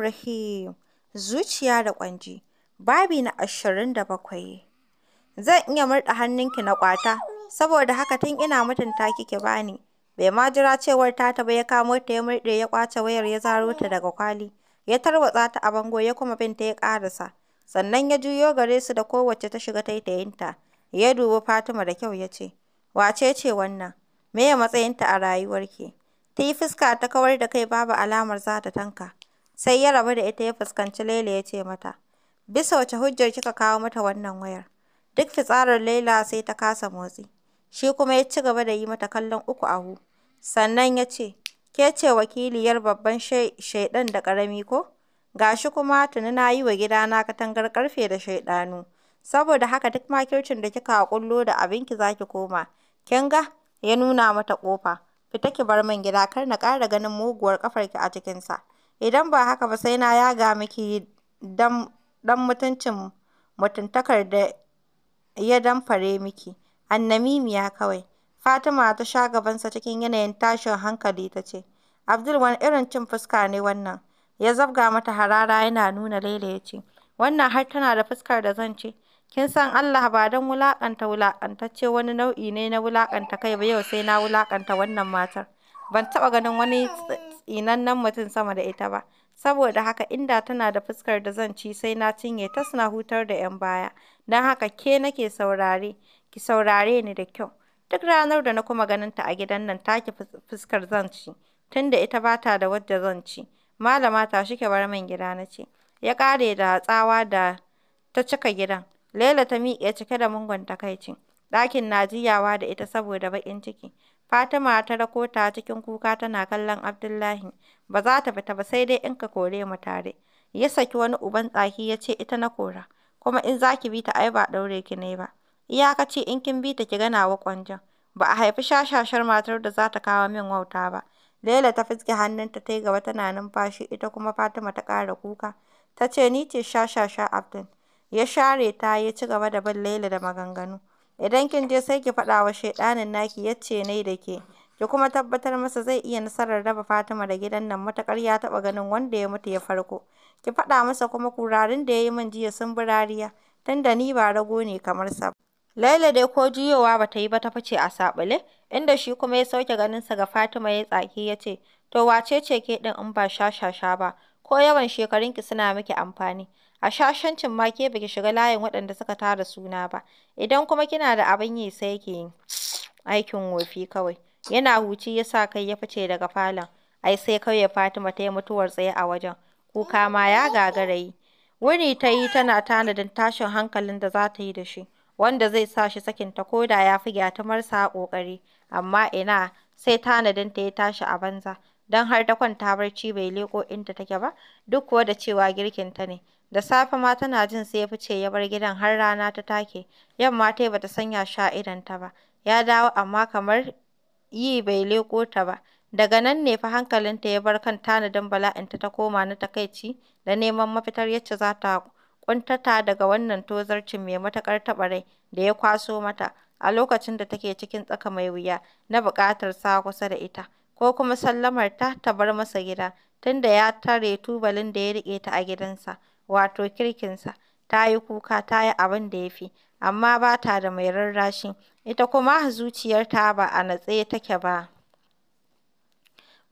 Rahim. Zuciya da ƙwanji. Babi na ashirin da bakwai. Zan iya murɗa hannunki na ƙwata, saboda haka tun ina mutunta kike bani. Bai ma jira cewar ta ba ya kamo ta ya murɗe ya ƙwace wayar ya zaro ta daga kwali. Ya tarwatsa ta a bango ya kuma bin ta ya karasa. Sannan ya juyo gare su da kowace ta shiga taitayinta. Ya dubi Fatima da kyau ya ce, Wace ce wannan? Me ya matsayinta a rayuwarki? Ta yi fuska ta kawar da kai babu alamar za ta tanka. Sai ya rabu da ita ya fuskanci Laila ya ce mata, Bisa wace hujjar kika kawo mata wannan wayar? Duk fitsarar Laila sai ta kasa motsi. Shi kuma ya ci gaba da yi mata kallon uku a hu. Sannan ya ce, Ke ce wakiliyar babban shaidan da karami ko? Gashi kuma tuni na yi wa gidana katangar karfe da shaidanu. Saboda haka duk makircin da kika kullo da abinki za ki koma. Kin ga? Ya nuna mata ƙofa. Fita ki bar min gida kar na kara ganin muguwar ƙafarki a cikinsa. Idan ba haka ba sai na yaga miki dan mutuncin mutuntakar da ya damfare miki. Annamimiya kawai. Fatima ta sha gabansa cikin yanayin tashin hankali ta ce, Abdul wani irin cin fuska ne wannan? Ya zabga mata harara yana nuna Laila ya ce, Wannan har tana da fuskar da zan ce, Kin san Allah ba don wulakanta wulakantacce wani nau'i ne na wulakanta kai ba yau sai na wulakanta wannan matar. Ban taɓa ganin wani tsinannen mutum sama da ita ba. Saboda haka inda tana da fuskar da zan ci sai na cinye ta suna hutar da 'yan baya. Don haka ke nake saurare, ki saurare ni da kyau. Duk ranar da na kuma ganin ta a gidan nan taki fuskar zan ci. Tunda ita ba ta da wadda zan ci. Malama ta ki bar min gida na ce. Ya kare da tsawa da ta cika gidan. Laila ta miƙe cike da mugun takaici, ɗakin na jiyawa da ita saboda baƙin ciki. Fatima ta rako ta cikin kuka tana kallon Abdullahi. Ba za ta fita ba sai dai in ka kore mu tare. Ya saki wani uban tsaki ya ce ita na kora, kuma in za ki bi ta ai ba ɗaure ki ne ba. Iyakaci in kin bi ta ki gana wa ƙwanjan. Ba a haifi shashashar matar da za ta kawo min wauta ba. Laila ta fiske hannunta ta yi gaba tana numfashi ita kuma Fatima ta ƙara kuka. Ta ce ni ce shashasha Abdul. Ya share ta ya ci gaba da bin Laila da maganganu, "Idan kin je sai ki faɗa wa shaiɗanin naki yacce ce da ke, ki kuma tabbatar masa zai iya nasarar raba Fatima da gidan nan matuƙar ya taɓa ganin wanda ya mutu ya farko. Ki faɗa masa kuma kurarin da ya yi min jiya sun bi rariya, da ni ba rago ne kamar sa ba." Laila dai ko juyowa ba ta yi ba ta fice a saɓale, inda shi kuma ya sauke ganinsa ga Fatima ya tsaki ya ce, "To wace ce ke ɗin in ba shashasha ba, ko yawan shekarunki suna miki amfani." a shashancin ma ke baki shiga layin waɗanda suka tara suna ba idan kuma kina da abin yi sai ki aikin wofi kawai yana huci yasa kai ya fice daga falon ai sai kawai Fatima ta yi mutuwar tsaye a wajen kuka ma ya gagara yi wuni ta yi tana tanadin tashin hankalin da za ta yi da shi wanda zai sa shi sakinta ko da ya fi ta marsa ƙoƙari amma ina sai tanadin ta ya tashi a banza don har ta kwanta barci bai leko inda take ba duk kuwa da cewa girkin ta ne Da safe ma tana jin sai ya fice ya bar gidan har rana ta take. Yamma tai bata sanya sha idan ta ba. Ya dawo amma kamar yi bai leko ta ba. Daga nan ne fa hankalinta ya bar kan tanadin bala'in ta koma na takaici da neman mafitar yacce za ta ƙuntata daga wannan tozarcin mai matuƙar taɓa da ya kwaso mata a lokacin da take cikin tsaka mai wuya na buƙatar sa kusa da ita ko kuma sallamar ta ta bar masa gida tunda ya tare tubalin da ya riƙe ta a gidansa. wato kirkinsa, ta yi kuka ta yi abin da ya fi, amma ba ta da mai rarrashi, ita kuma zuciyar ta ba a natse take ba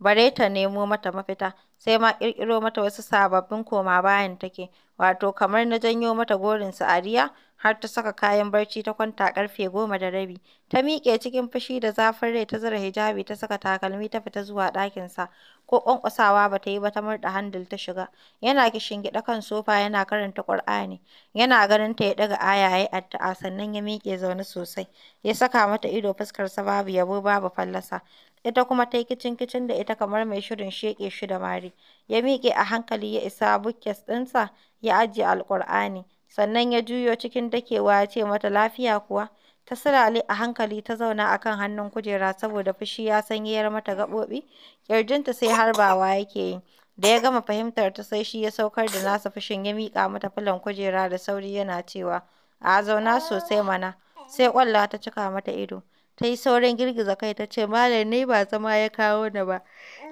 bare ta nemo mata mafita, sai ma ƙirƙiro mata wasu sababbin koma bayan take. wato kamar na janyo mata gorin Ariya, har ta saka kayan barci ta kwanta ƙarfe goma da rabi. Ta miƙe cikin fushi da zafin rai ta zura hijabi ta saka takalmi ta fita zuwa ɗakinsa. Ko ƙwanƙwasawa ba ta yi ba ta murɗa handil ta shiga. Yana kishin kishingiɗe kan sofa yana karanta Ƙur'ani. Yana ganin ta ya ɗaga aya ya yi addu'a sannan ya miƙe zaune sosai. Ya saka mata ido fuskarsa babu yabo babu fallasa. ita kuma ta yi kicin-kicin da ita kamar mai shirin sheƙe shi da mari. Ya miƙe a hankali ya isa bukkes ɗinsa ya ajiye Alƙur'ani, sannan ya juyo cikin dakewa ya ce mata lafiya kuwa? Ta silale a hankali ta zauna a kan hannun kujera saboda fushi ya sanyayar mata gaɓoɓi, ƙirjinta sai harbawa yake yi. Da ya gama fahimtar ta sai shi ya saukar da nasa fushin ya miƙa mata filin kujera da sauri yana cewa, a zauna sosai mana, sai ƙwalla ta cika mata ido. Ta yi saurin girgiza kai ta ce, Malam ni ba zama ya kawo ni ba,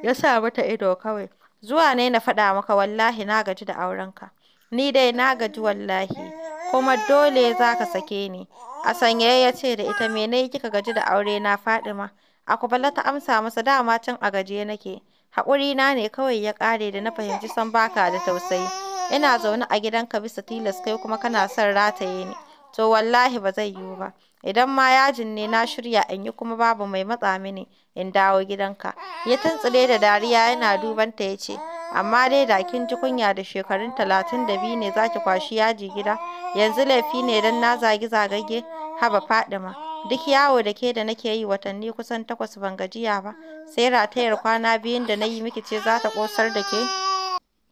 ya sa mata ido kawai. Zuwa ne na faɗa maka wallahi na gaji da aurenka. Ni dai na gaji wallahi, kuma dole za ka sake ni. A sanyaye ya ce da ita yi kika gaji da aure na ma A kubala ta amsa masa dama can a gaje nake. Haƙuri na ne kawai ya ƙare da na fahimci san baka da tausayi. Ina zaune a gidanka bisa tilas kai kuma kana son rataye ni. to wallahi ba zai yiwu ba. Idan ma yajin ne na shirya in yi kuma babu mai matsa mini in dawo gidanka. Ya tuntsire da dariya yana dubanta ta ya ce, amma dai da kin ji kunya da shekarun talatin da biyu ne za ki kwashi yaji gida, yanzu laifi ne don na zagi zagage haba Fadima. Duk yawo da ke da nake yi watanni kusan takwas ban gajiya ba, sai ratayar kwana biyun da na yi miki ce za ta ƙosar da ke.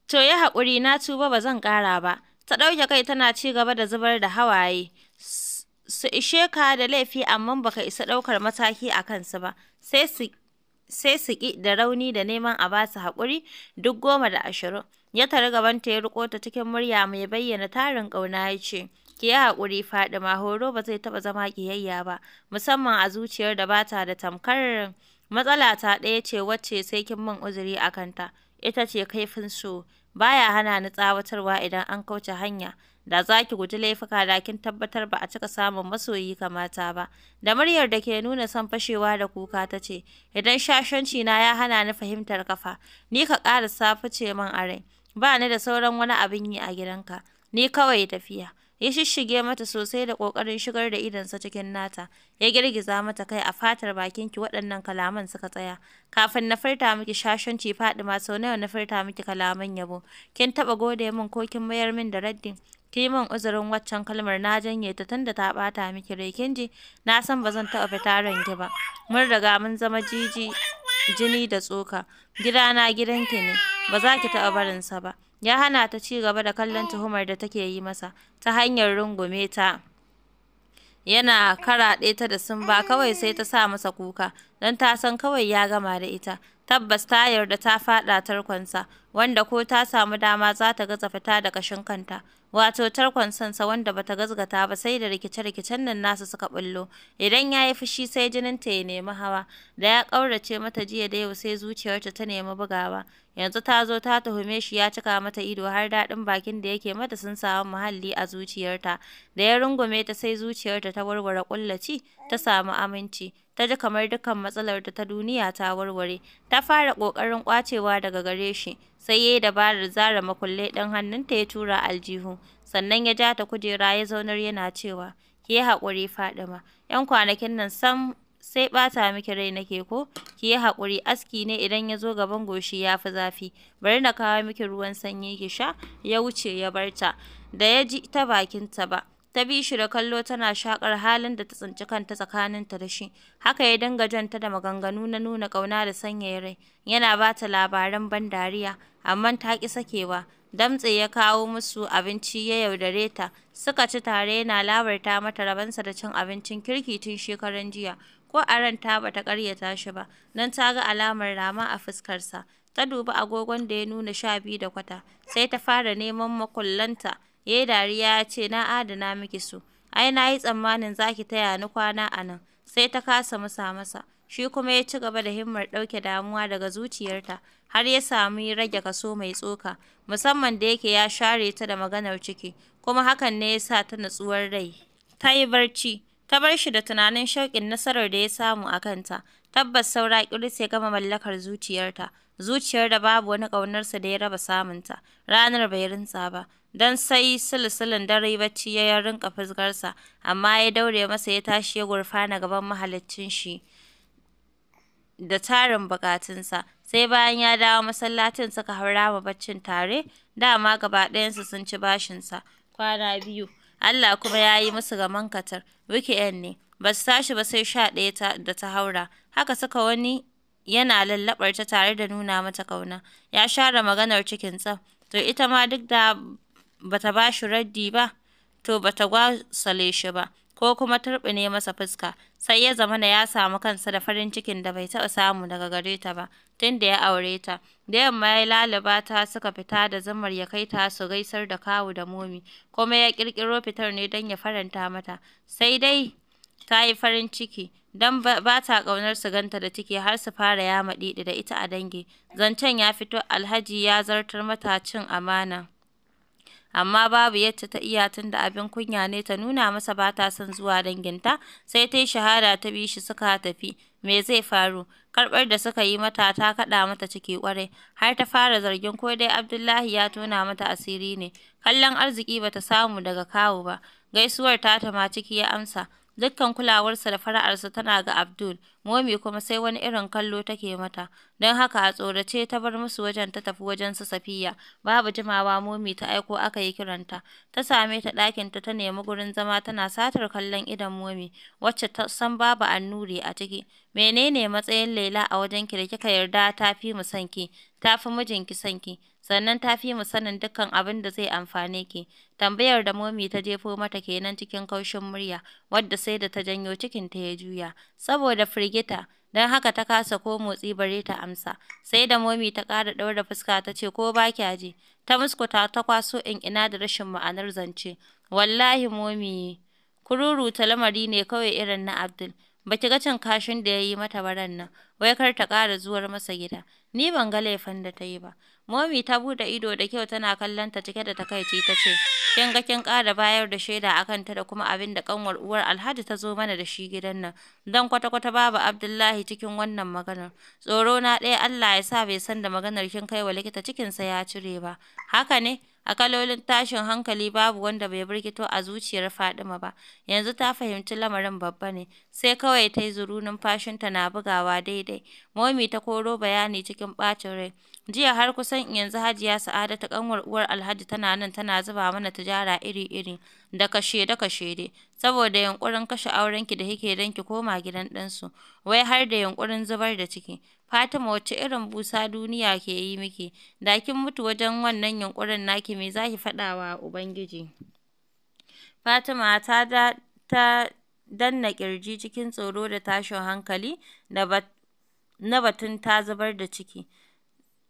To ya haƙuri na tuba ba zan ƙara ba. Ta ɗauke kai tana ci gaba da zubar da hawaye. Su ishe ka da laifi amma baka isa ɗaukar mataki a kansu ba, sai su sai ƙi da rauni da neman a ba su haƙuri duk goma da ashirin. Ya tari gabanta ya riko ta cikin murya mai bayyana tarin ƙauna ya ce, Ki yi haƙuri Fadima, horo ba zai taɓa zama ƙiyayya ba, musamman a zuciyar da bata da tamkar matsala ta ɗaya ce wacce sai kin min uzuri a kanta, ita ce kaifin so. baya hana ni tsawatarwa idan an kauce hanya da za ki guji laifuka da kin tabbatar ba a cika samun masoyi kamata ba da muryar da ke nuna son fashewa da kuka ta ce idan shashanci na ya hana ni fahimtar kafa ni ka ƙara safi ce man a rai ba ni da sauran wani abin yi a gidanka ni kawai tafiya ya shishshige mata sosai da ƙoƙarin shigar da sa cikin nata, ya girgiza mata kai a fatar bakinki waɗannan kalaman suka tsaya. Kafin na furta miki shashanci Fadima sau nawa na furta miki kalaman yabo, kin taɓa gode min ko kin mayar min da raddin? Ki min uzurin waccan kalmar na janye ta tunda ta ɓata miki rai kin ji, na san ba zan taɓa fita ranki ba. Mun riga mun zama jiji jini da tsoka, gidana gidanki ne, ba za ki taɓa barinsa ba. ya hana ta ci gaba da kallon tuhumar da take yi masa ta hanyar rungume ta yana karaɗe ta da sumba kawai sai ta sa masa kuka don ta san kawai ya gama da ita tabbas ta yarda ta faɗa tarkonsa wanda ko ta samu dama za ta gaza fita da kashin kanta wato tarkon sansa wanda bata gazgata ba sai da rikice-rikicen nan nasu suka bullo idan ya yi fushi sai jinin ta ya nemi hawa da ya ƙaurace mata jiya da yau sai zuciyarta ta nemi bugawa yanzu ta zo ta tuhume shi ya cika mata ido har daɗin bakin da yake mata sun samu muhalli a zuciyarta da ya rungume ta sai zuciyarta ta warware kullaci ta samu aminci ta ji kamar dukkan matsalar ta duniya ta warware ta fara kokarin kwacewa daga gare shi sai yayi dabarar zara makulle ɗin hannunta ya tura aljihu sannan ya ja ta kujera ya zaunar yana cewa ki yi haƙuri Fadima yan kwanakin nan sam sai bata miki rai nake ko ki yi haƙuri aski ne idan ya zo gaban goshi ya zafi bari na kawo miki ruwan sanyi ki sha ya wuce ya barta da ya ji ta bakinta ba ta bi shi da kallo tana shakar halin da ta tsinci kanta tsakaninta da shi haka ya dinga janta da maganganu na nuna ƙauna da sanyaya rai yana ba ta labaran ban dariya amma ta ƙi sakewa damtse ya kawo musu abinci ya yaudare ta suka ci tare yana labarta mata rabansa da cin abincin kirki tun shekaran jiya ko a ran ba ta ƙaryata shi ba don ta ga alamar rama a fuskarsa. Ta duba agogon da ya nuna sha biyu da kwata, sai ta fara neman makullanta. Ya yi dariya ya ce, na adana miki su, ai na yi tsammanin za ki taya ni kwana a nan. Sai ta kasa musa masa, shi kuma ya ci gaba da himmar ɗauke damuwa daga zuciyarta, har ya sami rage kaso mai tsoka, musamman da yake ya share ta da maganar ciki, kuma hakan ne ya sa ta natsuwar rai. Ta yi barci. ta bar shi da tunanin shauƙin nasarar da ya samu a kanta. Tabbas saura ƙiris ya gama mallakar zuciyarta, zuciyar da babu wani ƙaunarsa da ya raba samunta. Ranar bai rintsa ba, don sai silisilin dare bacci ya rinka fusgarsa, amma ya daure masa ya tashi ya gurfana gaban mahaliccin shi da tarin bukatunsa. sai bayan ya dawo masallacin suka haura ma baccin tare, dama gaba ɗayansu sun ci bashinsa. Kwana biyu. Allah kuma ya yi musu gaman katar. Wiki'en ne, ba su tashi ba sai sha ɗaya da ta haura. Haka suka wani yana lallaɓar ta tare da nuna mata ƙauna. Ya share maganar cikin tsaf. To ita ma duk da bata ba shi raddi ba, to bata gwasale shi ba. ko kuma turɓune masa fuska sai ya zamana ya samu kansa da farin cikin da bai taɓa samu daga gare ta ba tun da ya aure ta da yamma ya lalaba ta suka fita da zamar ya kai ta su gaisar da kawu da momi kuma ya ƙirƙiro fitar ne don ya faranta mata sai dai ta yi farin ciki don ba ta ƙaunar su ganta da ciki har su fara yama ɗiɗi da ita a dangi zancen ya fito alhaji ya zartar mata cin amana amma babu yadda ta iya tunda abin kunya ne ta nuna masa ba ta son zuwa danginta sai ta yi shahada ta bi shi suka tafi me zai faru karɓar da suka yi mata ta kaɗa mata ciki ƙwarai har ta fara zargin ko dai Abdullahi ya tona mata asiri ne kallon arziki ba ta samu daga kawu ba gaisuwar ta ma ciki ya amsa Dukkan kulawarsa da fara'arsa tana ga Abdul, Momi kuma sai wani irin kallo take mata, don haka a tsorace ta bar musu wajen ta tafi wajen su Safiya. Babu jimawa Momi ta aiko aka yi kiranta, ta same ta ɗakinta ta nemi gurin zama tana satar kallon idon Momi, wacce ta san babu annuri a ciki. Menene matsayin Laila a wajenki da kika yarda ta fi mu son ki? ta fi mijinki son ki, sannan ta fi mu sanin dukkan abin da zai amfane ki. Tambayar da Momi ta jefo mata kenan cikin kaushin murya, wadda sai da ta janyo cikin ta ya juya, saboda firgita, dan haka ta kasa ko motsi bare ta amsa. Sai da Momi ta ƙara ɗaura fuska ta ce ko ba kya ji, ta muskuta ta kwaso in ina da rashin ma'anar zance. Wallahi Momi, kururuta lamari ne kawai irin na Abdul. ba ki ga cin kashin da ya yi mata baran nan, wai kar ta ƙara zuwar masa gida. Ni ban ga laifin da ta yi ba. Momi ta buɗe ido da kyau tana kallon ta cike da takaici ta ce, kin ga kin ƙara bayar da shaida a kanta da kuma abin da ƙanwar uwar Alhaji ta zo mana da shi gidan nan. don kwata-kwata babu Abdullahi cikin wannan maganar. Tsoro na ɗaya Allah ya sa bai san da maganar kin kai wa likita cikinsa ya cire ba. Haka ne? A kalolin tashin hankali babu wanda bai birkito a zuciyar Fadima ba. Yanzu ta fahimci lamarin babba ne, sai kawai ta yi zurunin numfashinta na bugawa daidai. Momi ta koro bayani cikin ɓacin rai. Jiya har kusan yanzu Hajiya Sa'adatu ƙanwar uwar Alhaji tana nan tana zuba mana tijara iri-iri da kashede-kashede saboda yunƙurin kashe aurenki da yake don ki koma gidan ɗansu, wai har da yunƙurin zubar da ciki. Fatima wace irin busa duniya ke yi miki, da kin mutu wajen wannan yunƙurin naki me za ki faɗa wa Ubangiji? Fatima ta danna kirji cikin tsoro da tashin hankali da na batun ta zubar da ciki,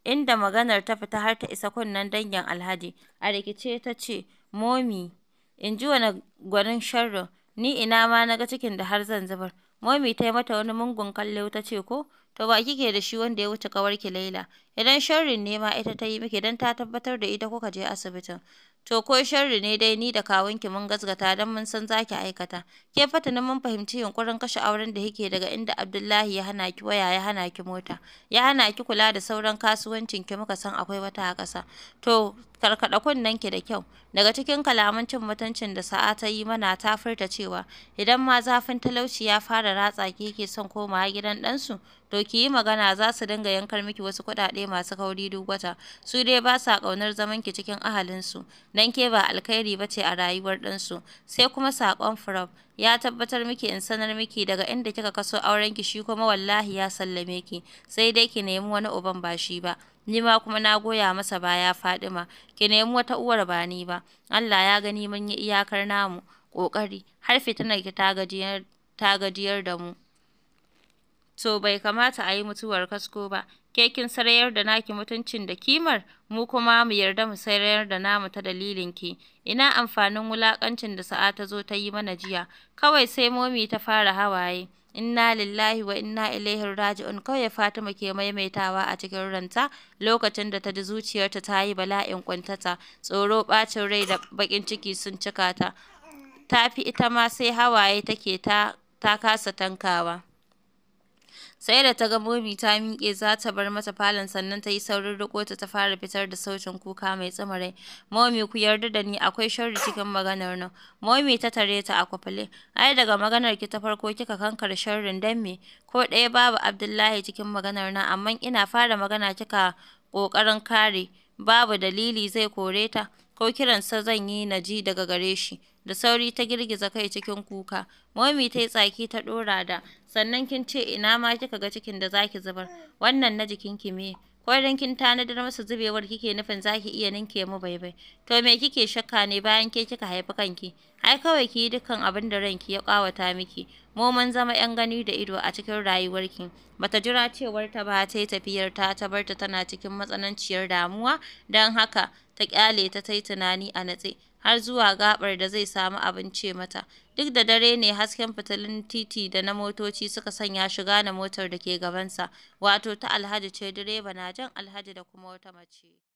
inda maganar ta fita har ta isa kunnen dangin Alhaji, a rikice ta ce, momi in ji wani gwanin sharrin, “ni ina ma na ga cikin da har zan zubar.” momi ta yi mata wani mungun kallo ta ce, “Ko, to ba kike da shi wanda ya wuce ƙawarki Laila, idan sharrin ne ma ita ta yi miki don ta tabbatar da ita kuka je asibitin.” To ko sharri ne dai ni da kawunki mun gazgata don mun san zaki aikata. Ke fata ni mun fahimci yunkurin kashe auren da yake daga inda Abdullahi ya hana ki waya ya hana ki mota. Ya hana ki kula da sauran kasuwancin ki muka san akwai wata a ƙasa. To karkada kunnen ki da kyau. Daga cikin kalaman cin mutuncin da sa'a ta yi mana ta furta cewa idan ma zafin talauci ya fara ratsa ki yake son komawa gidan ɗansu to ki yi magana za su dinga yankar miki wasu kuɗaɗe masu kauri duk wata su dai ba sa ƙaunar zaman ki cikin ahalinsu nan ke ba alkhairi ba ce a rayuwar ɗansu sai kuma saƙon furof ya tabbatar miki in sanar miki daga inda kika kaso auren ki shi kuma wallahi ya sallame ki sai dai ki nemi wani uban ba shi ba ni ma kuma na goya masa baya Fadima ki nemi wata uwar ba ni ba Allah ya gani mun yi iyakar namu kokari har fitinar ki ta gajiyar ta gajiyar da mu to bai kamata a yi mutuwar kasko ba, ke kin sarayar da naki mutuncin da kimar, mu kuma mu yarda mu sarayar da namu ta dalilinki. Ina amfanin wulakancin da sa'a ta zo ta yi mana jiya, kawai sai momi ta fara hawaye. inna lillahi wa inna ilaihi raji'un kawai Fatima ke maimaitawa a cikin ranta lokacin da ta ji zuciyarta ta yi bala'in kwantata tsoro bacin rai da baƙin ciki sun cika ta tafi ita ma sai hawaye take ta ta kasa tankawa Sai da ta ga Momi ta miƙe za ta bar mata falon sannan ta yi saurin riko ta fara fitar da sautin kuka mai tsamarai. Momi ku yarda da ni akwai sharri cikin maganar nan. Momi ta tare ta a kwafale. Ai daga maganar ki ta farko kika kankar sharrin dan me? Ko ɗaya babu Abdullahi cikin maganar nan amma ina fara magana kika ƙoƙarin kare babu dalili zai kore ta. ko kiransa zan yi na ji daga gare shi. Da sauri ta girgiza kai cikin kuka. Momi ta yi tsaki ta ɗora da, sannan kin ce ina ma kika ga cikin da zaki zubar, wannan na jikin ki me? wai dan kin tanadar masa zubewar kike nufin zaki iya ninke mu baibai to me kike shakka ne bayan ke kika haifi kanki ai kawai ki yi dukkan abin da ranki ya kawata miki mu mun zama yan gani da ido a cikin rayuwarki bata jira cewar ta ba ta tafiyar ta ta barta tana cikin matsananciyar damuwa dan haka ta kyale ta tai tunani a natse har zuwa gaɓar da zai samu abin ce mata. Duk da dare ne hasken fitilun titi da na motoci suka sanya shi gane motar da ke gabansa, wato ta Alhaji ce direba na jan Alhaji da kuma wata mace.